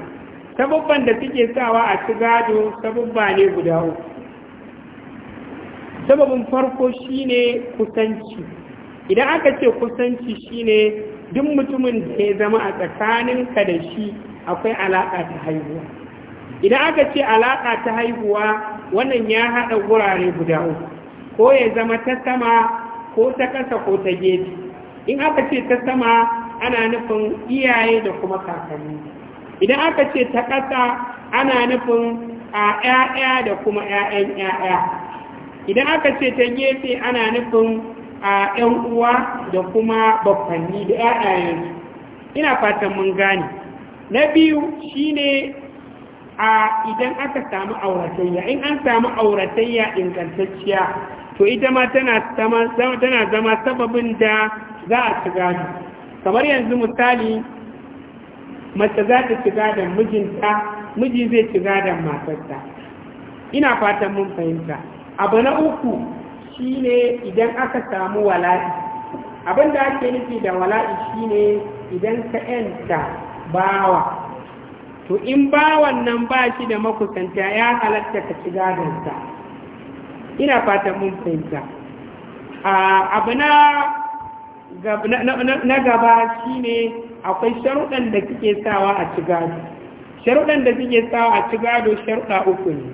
sabubban da suke sawa a ci gado sabubba ne guda uku sababin farko shine kusanci idan aka ce kusanci shine duk mutumin da ya zama a tsakaninka da shi akwai alaƙa ta haihuwa idan aka ce alaƙa ta haihuwa wannan ya haɗa wurare guda uku ko ya zama ta sama ko ta ƙasa ko ta gefe in aka ce ta sama ana nufin iyaye da kuma kakanni idan aka ce ta ƙasa ana nufin a ‘ya'ya da kuma ‘ya'yan ‘ya'ya idan aka ce ta gefe ana nufin a ‘yan uwa da kuma bakwanni da ƴaƴayen ina fatan mun gane na biyu shine a idan aka samu auratayya in an samu auratayya ingantacciya to ita ma tana zama sababin da za a ci kamar yanzu misali mace za ta ci gadon mijinta miji zai ci gadon matarsa ina fatan mun fahimta abu na uku shine idan aka samu wala'i abin da ake nufi da wala'i shine idan ka yanta bawa to in bawan nan ba shi da makusanta ya halatta ka ci gadonsa ina fatan mun fahimta ah, abu na gaba shine akwai sharuɗan da kike sawa a ci gado sharuɗan da kike sawa a ci gado sharuɗa uku ne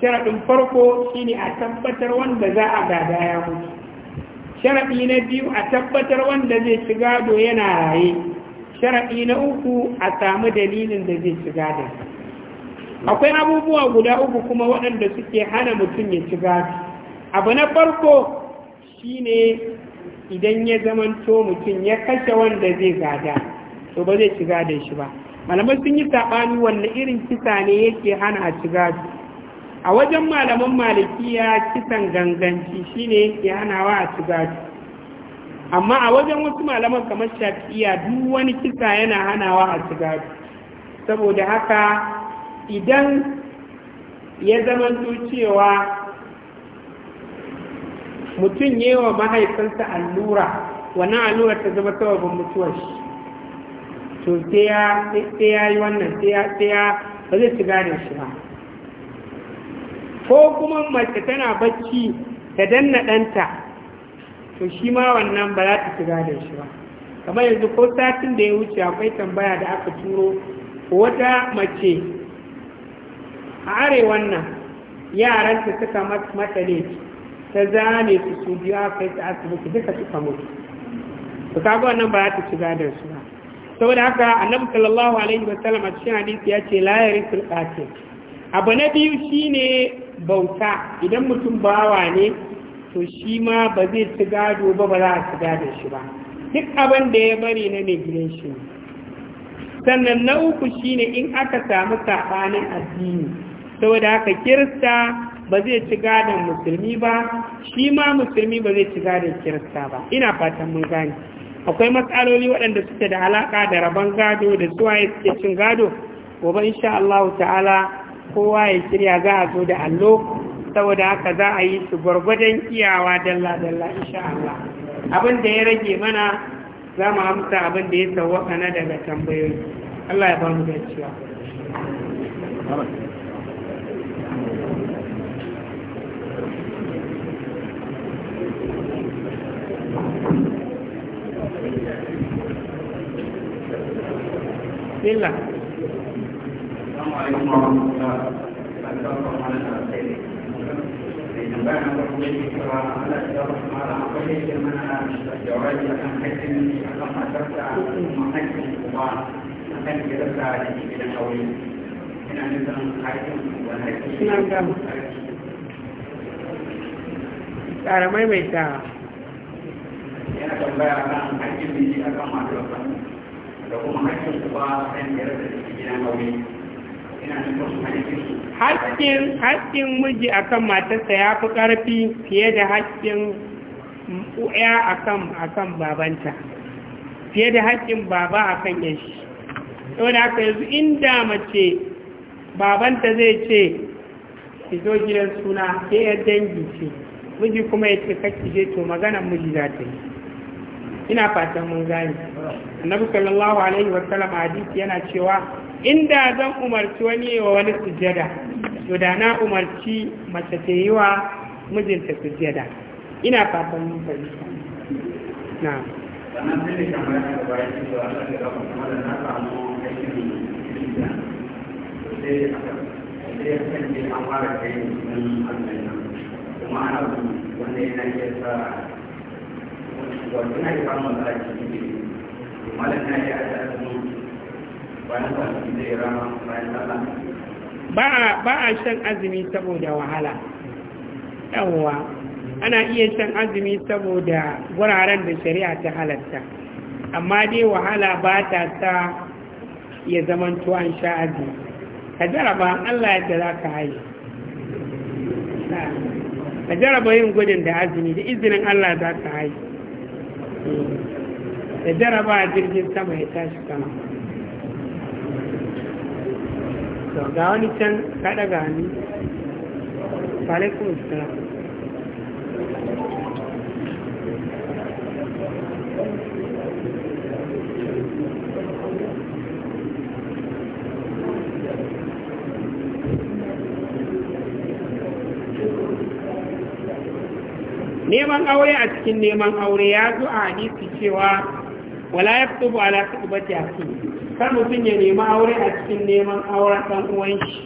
sharaɗin farko shine a tabbatar wanda za a gada ya mutu sharaɗi na biyu a tabbatar wanda zai ci gado yana raye sharaɗi na uku a samu dalilin da zai ci gado akwai abubuwa guda uku kuma waɗanda suke hana mutum ya ci gado abu na farko shine idan ya zamanto mutum ya kashe wanda zai gada to ba zai shiga da shi ba malamai sun yi saɓani wanne irin kisa ne yake hana a shiga a wajen malaman malikiya kisan ganganci shine yake hanawa a shiga amma a wajen wasu malaman kamar shafi'iya duk wani kisa yana hanawa a shiga saboda haka idan ya zamanto cewa mutum yi wa mahaifinsa allura wannan allura ta zama sababin mutuwar shi to sai ya yi wannan sai ya ba zai ci gadon shi ba ko kuma mace tana bacci ta danna ɗanta to shi ma wannan ba za ta ci gadon shi ba kamar yanzu ko satin da ya wuce akwai tambaya da aka turo wata mace a arewan nan yaranta suka matsale ta zane su su biyu aka yi ta asibiti duka suka mutu su kaga wannan ba za ta ci gadon su saboda haka annabi sallallahu alaihi sallam a cikin hadisi ya ce la yarisul qatil abu na biyu shine bauta idan mutum bawa ne to shi ma ba zai ci gado ba ba za a ci gado shi ba duk abin da ya bari na mai gidan shi sannan na uku shine in aka samu saɓanin addini saboda haka kirista ba zai ci gadon musulmi ba shi ma musulmi ba zai ci gadon kirista ba ina fatan mun gane akwai matsaloli waɗanda suke da alaƙa da rabon gado da ya suke cin gado gobe insha Allah ta'ala kowa ya shirya za a zo da allo saboda haka za a yi su gwargwadon iyawa dalla-dalla insha Allah abin da ya rage mana za mu amsa abin da ya sauwaka na daga tambayoyi Allah ya ba mu ciwa bismillah Ƙara maimaita. Yana tambaya kan aikin da shi akan matarsa. da kuma hakkin da gidan aure Hakkin miji akan matarsa ya fi ƙarfi fiye da hakkin ya akan akan babanta fiye da hakkin baba akan yashi saboda haka yanzu inda mace babanta zai ce ki zo gidan suna ke yar dangi ce miji kuma ya ce kakki je to maganan miji za ta yi ina fatan mun gani annabi sallallahu alaihi wa sallam hadisi yana cewa inda zan umarci wani wa wani sujada to da na umarci mace ta yi wa mijinta sujada ina fatan mun gani na kuma wanda yana wato ina yi samun matsala cikin yi malam na yi a azumi bayan kwanaki zai rama bayan sallah ba a shan azumi saboda wahala yawwa ana iya shan azumi saboda wuraren da shari'a ta halatta amma dai wahala ba ta ta ya zaman an sha azumi ka jaraba allah yadda za ka haye ka jaraba yin gudun da azumi da izinin allah za ka haye da jaraba jirgin sama ya tashi wani can neman aure a cikin neman aure ya zo a hadisi cewa wala ya fito ba ala ba ta fi kar mutum ya nemi aure a cikin neman aure ɗan uwan shi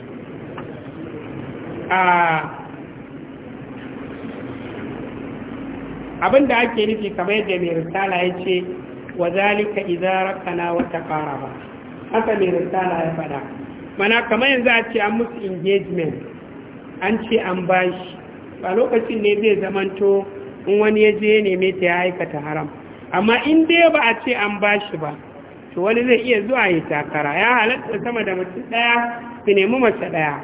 abin da ake nufi kamar yadda mai risala ya ce wa zalika idara kana wata fara ba haka mai risala ya faɗa mana kamar yanzu a ce an musu engagement an ce an bashi a lokacin ne zai zamanto in wani ya je neme ta ya aikata haram amma in dai ba a ce an ba shi ba to wani zai iya zuwa ya takara ya halatta sama da mutum daya su nemi mace daya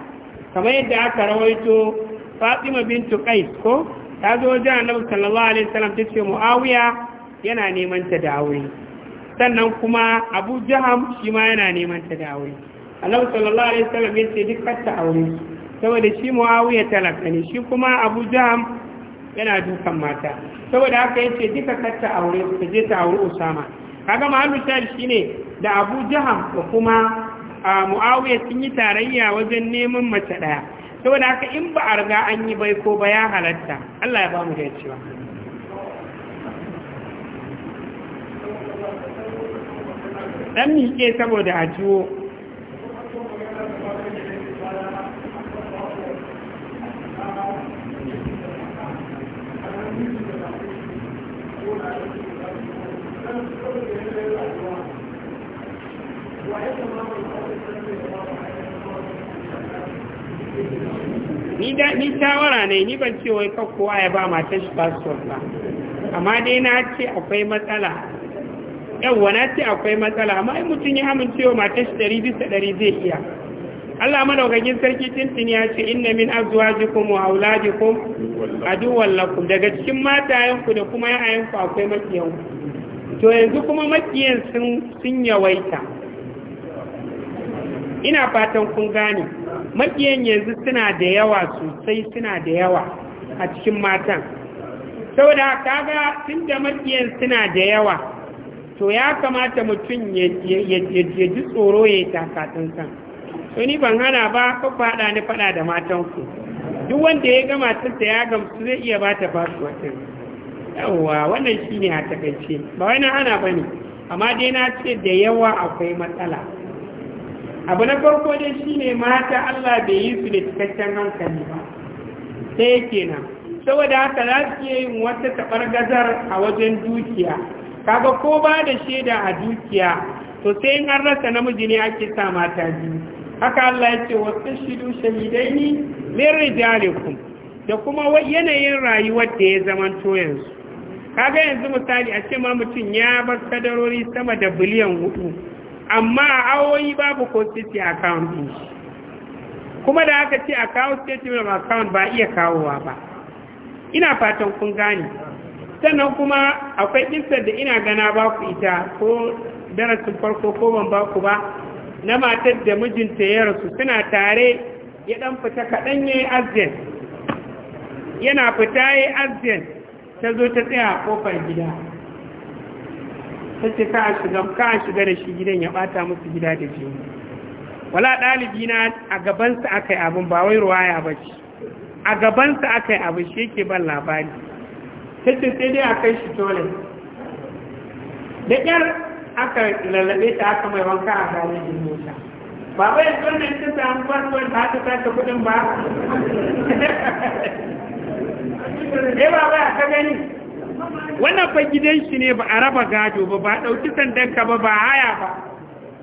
kamar yadda aka rawaito Fatima bintu Qais ko ta zo wajen Annabi sallallahu alaihi wasallam ta ce Muawiya yana neman ta da aure sannan kuma Abu Jaham shi ma yana neman ta da aure Annabi sallallahu alaihi wasallam ya ce duk ta aure su saboda shi muawiya talaka ne shi kuma abu jam yana dukan mata saboda haka yace duka katta aure su je ta aure usama kaga mahallu shi ne da abu jam da kuma muawiya sun yi tarayya wajen neman mace daya saboda haka in ba a riga an yi bai ko ba ya halatta Allah ya ba mu da cewa dan miƙe saboda a jiwo ni da ni shawara ne ni ban ce wai kowa ya ba matan shi pastor ba amma dai na ce akwai matsala yawwa na ce akwai matsala amma in mutum ya amincewa matan shi ɗari bisa ɗari zai iya Allah madaukakin sarki tintin ya ce inna min azwajikum wa auladikum aduwwan lakum daga cikin matayenku da kuma yayanku akwai makiyan to yanzu kuma makiyan sun sun yawaita ina fatan kun gane makiyan yanzu suna da yawa sosai suna da yawa a cikin matan saboda kaga tun da makiyan suna da yawa to ya kamata mutum ya ji tsoro ya yi takatunsa so ni ban hana ba ko faɗa ni faɗa da matan ku. duk wanda ya ga matarsa ya gamsu zai iya ba ta fasuwatin yawwa wannan shi ne a takaice ba wani hana ba ne amma dai na ce da yawa akwai matsala abu na farko dai ne mata Allah bai yi su da cikakken hankali ba Ta yake na. saboda haka za su iya yin wata tabar gazar a wajen dukiya kaga ko ba da shaida a dukiya to sai in an rasa namiji ne ake sa mata biyu haka Allah ya ce wasu shidu shahidaini min rijalikum da kuma yanayin rayuwar da ya zamanto yanzu kaga yanzu misali a ce ma mutum ya bar kadarori sama da biliyan hudu amma a awoyi babu constituency account din shi kuma da aka ce account statement account ba iya kawowa ba ina fatan kun gane sannan kuma akwai kisar da ina gana ba ku ita ko darasin farko ko ban ba ku ba na matar da mijinta ya rasu suna tare ya dan fita kaɗan ya yi azden yana fita ya yi ta zo ta tsaya a kofar gida ta ce ka a shiga ka shiga da shi gidan ya bata musu gida da jini wala ɗalibi na a gabansa aka yi abin ba wai ruwaya ba ce a gabansa aka yi abin shi yake ban labari ta ce sai dai a kai shi tole da ƙyar aka lalabe ta aka mai wanka a din mota ba bai tsoron ta samu kwarwar da aka sata kudin ba eh ba bai aka gani wannan fa gidan shi ne ba a raba gado ba ba ɗauki sandanka ba ba haya ba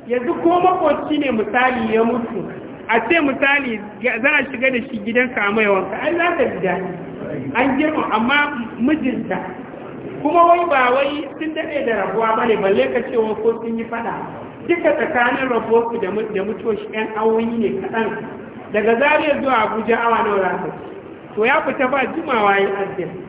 yanzu ko makoci ne misali ya mutu a ce misali za a shiga da shi gidanka a maiwanka an za ka gida an girma amma mijinta kuma wai ba wai sun daɗe da rabuwa ba ne balle ka ce wa ko sun yi faɗa duka tsakanin ku da mutuwar shi ɗan awoyi ne kaɗan daga zariya zuwa abuja awa nawa za to ya fita ba jimawa yin azumi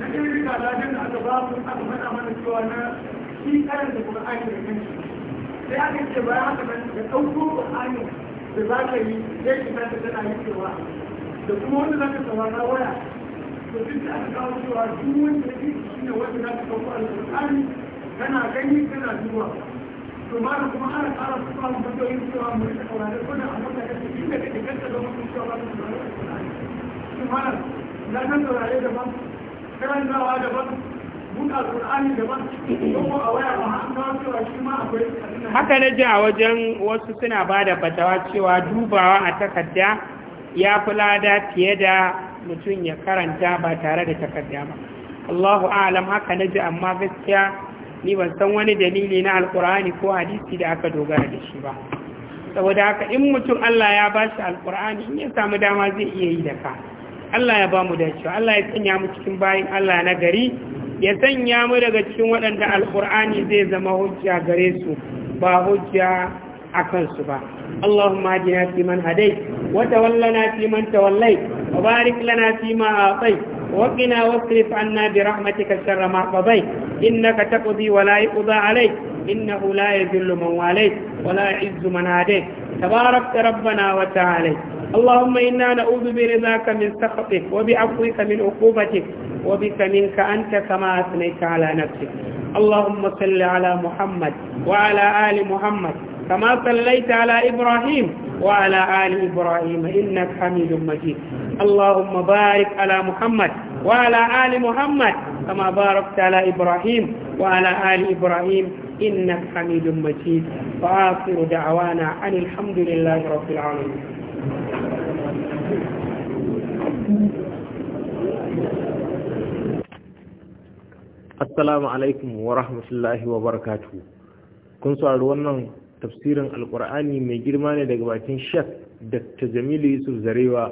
na irin kalajin da aka ba mu aka mana mana cewa na shi karanta Qur'ani da kanshi sai aka ce bayan haka nan da ɗauko Qur'ani da za ka yi zai shiga ta tana yi cewa da kuma wanda za ka saurara waya to duk da aka kawo cewa duk wanda ya shi ne wanda za ka ɗauko Al-Qur'ani kana gani kana duba to ma da kuma ana ƙara suwa mu da yin cewa mu rika saurare ko da a mota da su inda kake kanta da mutum cewa ba su saurare Al-Qur'ani. Shin malam na san saurare da ba karantawa daban buɗa daban kuma a waya ba an kawo cewa shi ma akwai haka na ji a wajen wasu suna ba da fatawa cewa dubawa a takarda ya fi lada fiye da mutum ya karanta ba tare da takarda ba Allahu alam haka na ji amma gaskiya ni ban san wani dalili na alkur'ani ko hadisi da aka dogara da shi ba saboda haka in mutum Allah ya ba shi alkur'ani in ya samu dama zai iya yi da ka Allah ya ba mu dacewa Allah ya sanya mu cikin bayin Allah na gari ya sanya mu daga cikin waɗanda alkur'ani zai zama hujja gare su ba hujja a kansu ba Allahumma hadina fi man hadai wa tawallana fi man tawallai wa barik lana fi ma atai وقنا واصرف عنا برحمتك شر ما قضيت إنك تقضي ولا يقضى عليك إنه لا يذل من واليت ولا يعز من عاديت تباركت ربنا وتعاليت اللهم إنا نعوذ برضاك من سخطك وبعفوك من عقوبتك وبك منك أنت كما أثنيت على نفسك اللهم صل على محمد وعلى آل محمد كما صليت على إبراهيم وعلى آل إبراهيم إنك حميد مجيد اللهم بارك على محمد وعلى آل محمد كما باركت على إبراهيم وعلى آل إبراهيم إنك حميد مجيد وآخر دعوانا عن الحمد لله رب العالمين assalamu alaikum wa rahmatullahi wa barakatu kun saurari wannan tafsirin alkur'ani mai girma ne daga bakin shek dr jamilu yusuf zarewa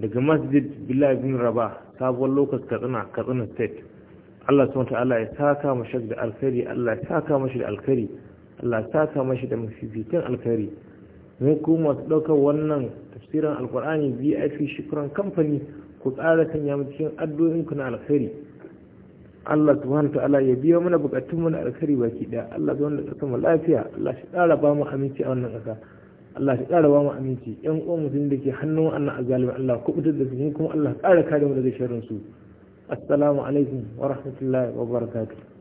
daga masjid bilal bin raba sabuwar lokas katsina katsina state allah subhanahu ta'ala ya saka mashi da alkari, allah ya saka mashi da alkari, allah ya saka mashi da mafificin alkari. mu kuma masu ɗaukar wannan tafsirin alkur'ani vip shifran kamfani ku tsara kan yamma cikin addu'o'inku na alkhairi Allah subhanahu ta'ala ya biya mana bukatun mu na alkhairi baki daya Allah wanda ta mu lafiya Allah shi ƙara ba mu aminci a wannan ƙasa Allah shi ƙara ba mu aminci ƴan uwan musulmi da ke hannun wannan azalimi Allah ku fitar da su kuma Allah ƙara kare mu daga sharrin su assalamu alaikum wa rahmatullahi wa barakatuh